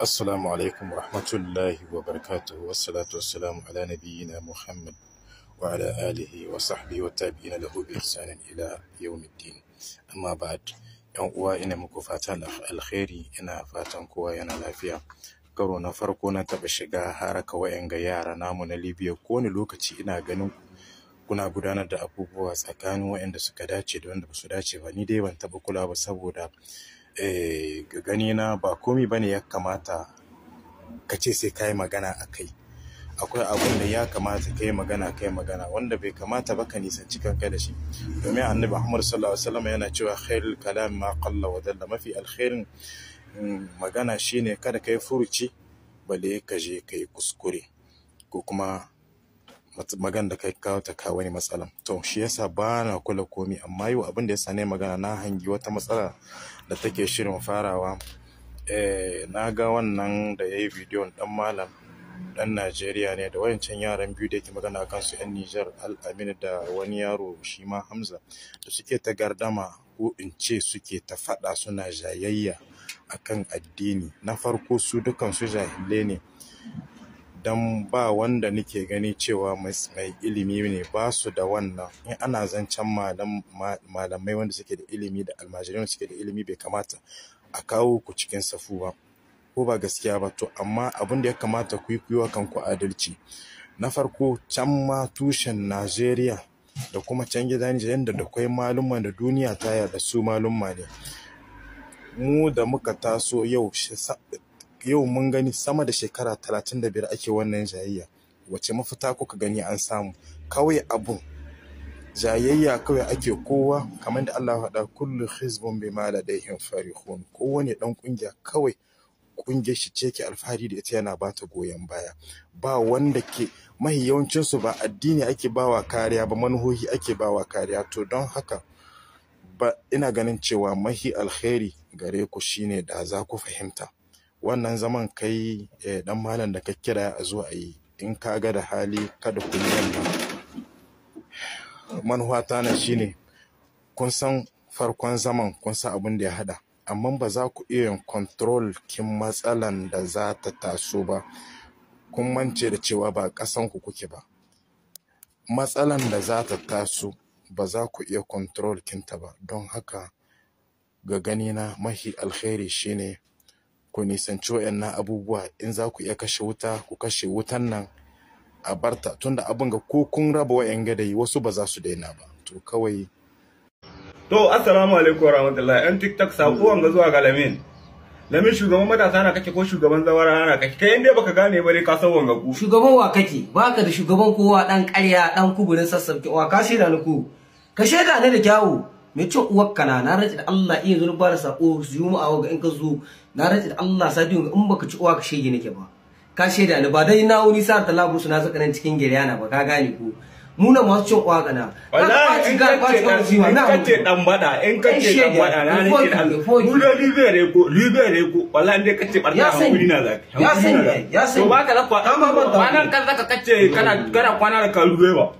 Assalamu alaikum wa rahmatullahi wa barakatuhu wa salatu wa salamu ala nabiyyina Muhammad wa ala alihi wa sahbihi wa tabi'ina lahu bi ihsanin ila yawmiddin. Amma ba'd yan uwa ina muku fatan alkhairi ina fatan kowa yana lafiya. Karo na farko na taba shiga haraka wayan ga yara namu na Libya ko wani lokaci ina ganin kuna gudanar da abubuwa tsakanin wayanda suka dace da wanda ba su dace ba ni dai ban taba kula ba saboda eh, gani na ba komi bane ya kamata ka ce sai kayi magana a kai akwai abun da ya kamata kai magana kai magana wanda bai kamata ba ka nisanci kanka da shi domin annabi muhammad sallallahu alaihi wasallam yana cewa khairul kalam ma qalla wa dalla mafi alkhairin mm, magana shine kada kai furuci bale ka je kuskure ko kuma magana da kai kawo ta kawo wani matsala to shi yasa ba na kula komi amma yau abin da yasa ne magana na hangi wata matsala da take shirin farawa eh na ga wannan da yayi bidiyon dan malam dan Najeriya ne da wayancan yaran biyu da yake magana kan su yan Niger Al-Amin da wani yaro shi ma Hamza da suke ta gardama ko in ce suke ta fada suna jayayya akan addini na farko su dukan su jahilai ne don ba wanda nake gani cewa mai ilimi ne ba su da wannan in ana zancen malamai wanda suke da ilimi da almajirai wanda suke da ilimi bai kamata a kawo ku cikin safu ba ko ba gaskiya ba to amma abin da ya kamata ku yi ku kanku adalci na farko can ma tushen najeriya da kuma can gida yadda da kwai malumma da duniya ta yarda su malumma ne mu da muka taso yau yau mun gani sama da shekara talatin da 35 ake wannan jayayya wace mafita kuka gani an samu kawai abu jayayya kawai ake kowa kamar da Allah faɗa kullu hizbun bima fari farihun kowane ɗan ƙungiya. kawai kungiyar shi ce ke alfahari da ita yana bata goyon baya ba wanda ke mahi yawancin su ba addini ake bawa kariya ba manuhohi ake bawa kariya to don haka ba ina ganin cewa mahi alheri gare ku shine da za ku fahimta wannan zaman kai eh, dan malam da ka kira a zo yi in ka ga da hali kada ku yi ta na shine kun san farkon zaman kun san abin da ya hada amma ba za ku iya yin control kin matsalan da za ta taso ba kun mance da cewa ba kasan ku kuke ba matsalan da za ta taso ba za ku iya control kinta ba don haka ga ganina mahi alkhairi shine ku nisanci wayannan abubuwa in za ku iya kashe wuta ku kashe wutan nan a barta tunda abin ga ko kun raba wayan gadayi wasu ba za su daina ba to kawai to assalamu alaikum warahmatullahi yan tiktok sako wanga zuwa ga lamin lamin shugaban matasa na kake ko shugaban zawara na kake kai inda baka gane bare ka san wanga ku shugaban wa kake baka da shugaban kowa dan ƙarya dan kuburin sassauke wa ka shaida da ku ka shaida ne da kyawu me ce uwar kana na rantsi da Allah iya zo ba da sako juma'a ga in ka zo na rantsi da Allah sadiyo in baka ci uwa ka shege nake ba ka shaida ni ba dai na wuni sa ta labu suna saka nan cikin giryana ba ka gane ko mu na masu cin uwa kana wallahi na kace dan bada in kace dan bada na Allah mu da libere ko libere ko wallahi dai kace na zaka ya ya to baka amma ban wannan kan zaka kace kana kana kwana da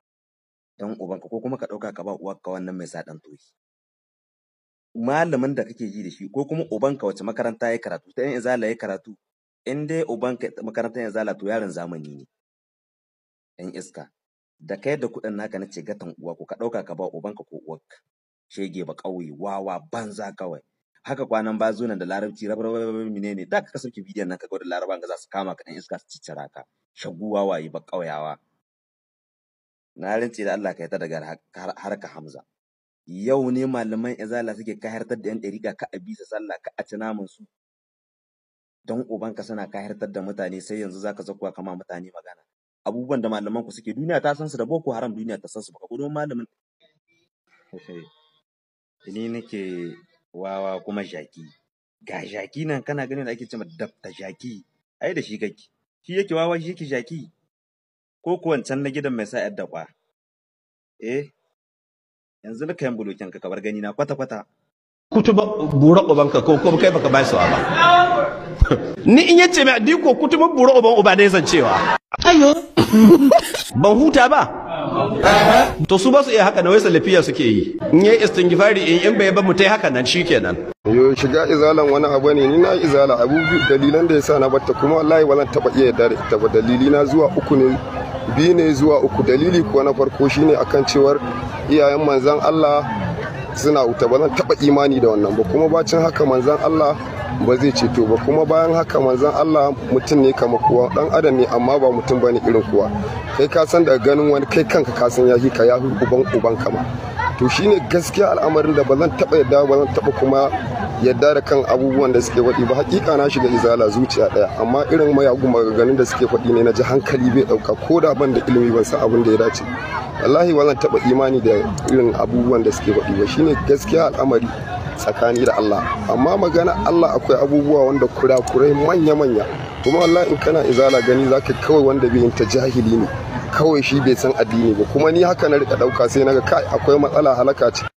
don ubanka ko kuma ka ɗauka ka ba uwarka wannan mai saɗan toyi. Malamin da kake ji da shi ko kuma ubanka wace makaranta ya karatu ta yin izala ya karatu in dai ubanka makaranta ya izala to yaron zamani ne. Yan iska da kai da kuɗin naka na ce gatan uwa ko ka ɗauka ka ba ubanka ko uwarka. Shege ba ƙauye wawa banza kawai. haka kwanan ba zo nan da larabci rabar mine ne da ka sauke bidiyon nan ka ga da laraban ga za su kama ka ɗan iska su ciccira ka shaguwa waye ba ƙauyawa? na rince da Allah ka yarda daga harka Hamza yau ne malaman izala suke kahirtar da yan dariƙa ka a bisa sallah ka a tunamin su don ubanka suna kahirtar da mutane sai yanzu zaka zakuwa kama mutane magana abubuwan da malaman ku suke duniya ta san su da boko haram duniya ta san su baka gudun malamin ni nake wawa kuma jaki ga jaki nan kana ganin da ake cewa dabta jaki ai da shi kake shi yake wawa shi yake jaki ko can na gidan mai sa’ad da kwa. Eh, yanzu na kayan bulokin ka kabar gani na kwata-kwata. Kutuba bura ka ko kuma kai baka ba su ba. Ni in yace mai kutu ba bura uban uba da san cewa. Ayo. Ban huta ba. To su ba su iya haka na wai lafiya suke yi. In yayi istingifari in in bai ba mu tai haka nan shikenan. yo shiga izalan wani abu ne ni na izala abu dalilan da yasa na batta kuma wallahi ba zan taba iya yarda da ita ba dalili na zuwa uku ne biyu ne zuwa uku dalili kuwa na farko shine akan cewar iyayen manzan Allah suna wuta ba zan taba imani da wannan ba kuma bacin haka manzan Allah ba zai ceto ba kuma bayan haka manzan Allah mutum ne kama kuwa dan adam ne amma ba mutum bane irin kuwa kai ka san daga ganin wani kai kanka ka san yahi ka yahi uban uban kama to shine gaskiya al'amarin da ba zan taba yadda ba zan taba kuma yadda da kan abubuwan da suke faɗi ba hakika na shiga izala zuciya daya amma irin mayagun maganganun da suke faɗi ne na ji hankali bai ɗauka ko da ban da ilimi ban san abin da ya dace wallahi ba zan taba imani da irin abubuwan da suke faɗi ba shine gaskiya al'amari tsakani da Allah amma magana Allah akwai abubuwa wanda kurakurai manya-manya kuma wallahi in kana izala gani zaka kawai wanda bai yin ta jahili ne kawai shi bai san addini ba kuma ni haka na rika ɗauka sai naga kai akwai matsala halaka ce